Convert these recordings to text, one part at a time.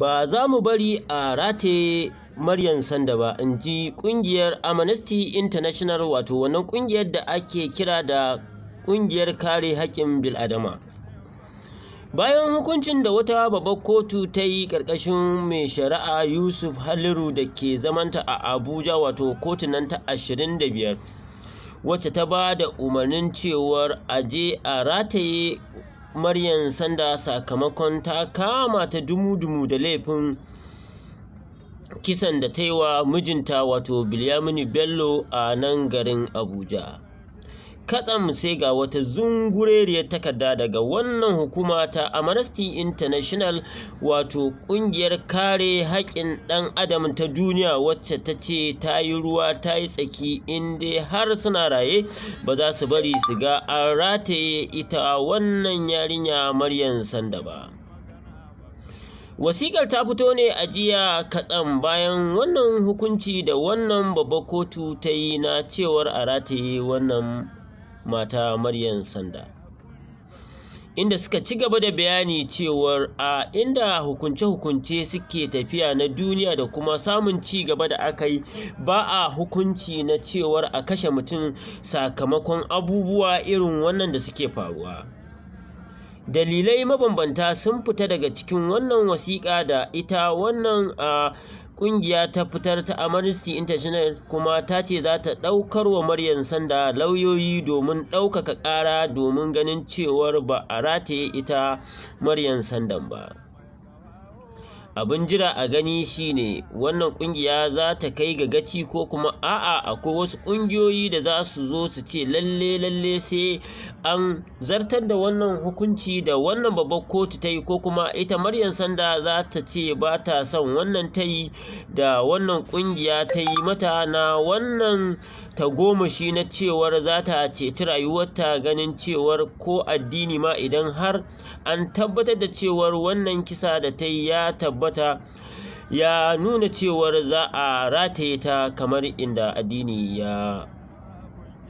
ba za mu bari a rataye Maryam Sanda ba in ji ƙungiyar Amnesty International wato wannan ƙungiyar da ake kira da ƙungiyar kare haƙƙin bil'adama. Bayan hukuncin da wata babbar kotu ta yi ƙarƙashin mai shari'a Yusuf Haliru da ke zamanta a Abuja wato nan ta 25 wacce ta ba da umarnin cewar aje a rataye Maryam Sanda sakamakon ta kama ta dumu-dumu da laifin kisan da ta yi wa mijinta wato Bilyaminu Bello a nan garin Abuja. katsam sai ga wata zungureriyar takarda daga wannan hukuma ta amnesty international wato ƙungiyar kare haƙƙin ɗan adam ta duniya wacce ta ce ta yi ruwa ta yi tsaki inda har suna raye ba za su bari su ga an rataye ita wannan yarinya maryan sanda ba Wasikar ta fito ne a jiya katsam bayan wannan hukunci da wannan babba kotu ta yi na cewar a rataye wannan mata Maryam Sanda inda suka ci gaba da bayani cewar a inda hukunce-hukunce suke tafiya na duniya da kuma samun ci gaba da aka yi ba a hukunci na cewar a kashe mutum sakamakon abubuwa irin wannan da suke faruwa dalilai mabambanta sun fita daga cikin wannan wasiƙa da ita wannan a ƙungiya ta fitar ta Amnesty International kuma ta ce za ta ɗaukar wa Maryam Sanda lauyoyi domin ɗaukaka ƙara domin ganin cewar ba a rataye ita Maryam Sandan ba. abin jira a gani shine wannan kungiya za ta kai ga gaci ko kuma a'a akwai wasu kungiyoyi da za su zo su ce lalle lalle sai an zartar da wannan hukunci da wannan babbar kotu ta yi ko kuma ita maryan sanda za ta ce ba ta son wannan ta yi da wannan kungiya ta yi mata na wannan shi na cewar za ta ceci rayuwarta ganin cewar ko addini ma idan har an tabbatar da cewar wannan kisa da ta yi ya tabbata mata ya nuna cewar za a rataye ta kamar inda addini ya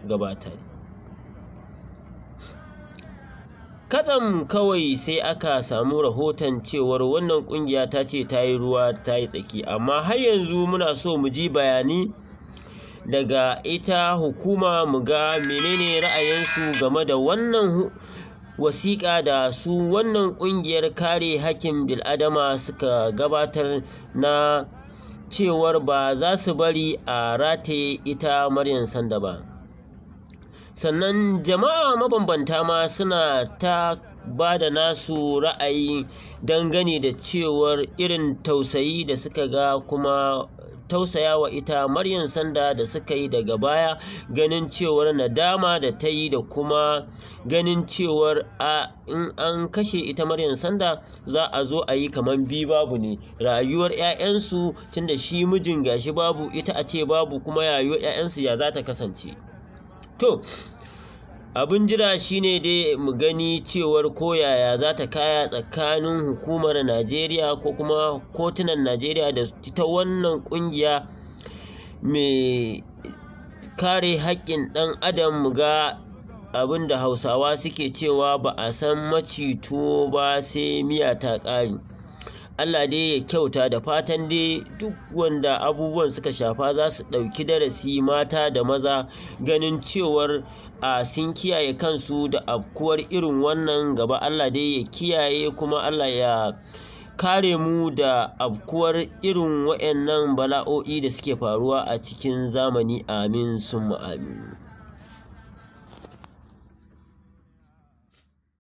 gabata katsam kawai sai aka samu rahoton cewar wannan kungiya ta ce ta yi ruwa ta yi tsaki amma har yanzu muna so mu ji bayani daga ita hukuma mu ga menene ra'ayinsu game da wannan wasiƙa da su wannan ƙungiyar kare haƙƙin bil'adama suka gabatar na cewar ba za su bari a rataye ita maryan Sanda ba. sannan jama'a mabambanta ma suna ta ba da nasu ra'ayi dangane da cewar irin tausayi da suka ga kuma tausayawa ita maryan Sanda da suka yi daga baya ganin cewar nadama da ta yi da kuma ganin cewar a in an kashe ita maryan Sanda za a zo a yi kamar bi babu ne rayuwar 'ya'yansu tunda shi mijin gashi babu ita a ce babu kuma yayo 'ya'yansu ya za ta kasance to abin jira shine dai mu gani cewar koyaya za ta kaya tsakanin hukumar najeriya ko kuma kotunan najeriya da ta wannan kungiya mai kare haƙƙin ɗan adam mu ga abin da hausawa suke cewa ba a san maci ba sai miya ta ƙare Allah dai ya kyauta da fatan dai duk wanda abubuwan suka shafa za su ɗauki darasi mata da maza ganin cewar a sun kiyaye kansu da afkuwar irin wannan gaba Allah dai ya kiyaye kuma Allah ya kare mu da afkuwar irin waɗannan bala'o'i da suke faruwa a cikin zamani amin sun amin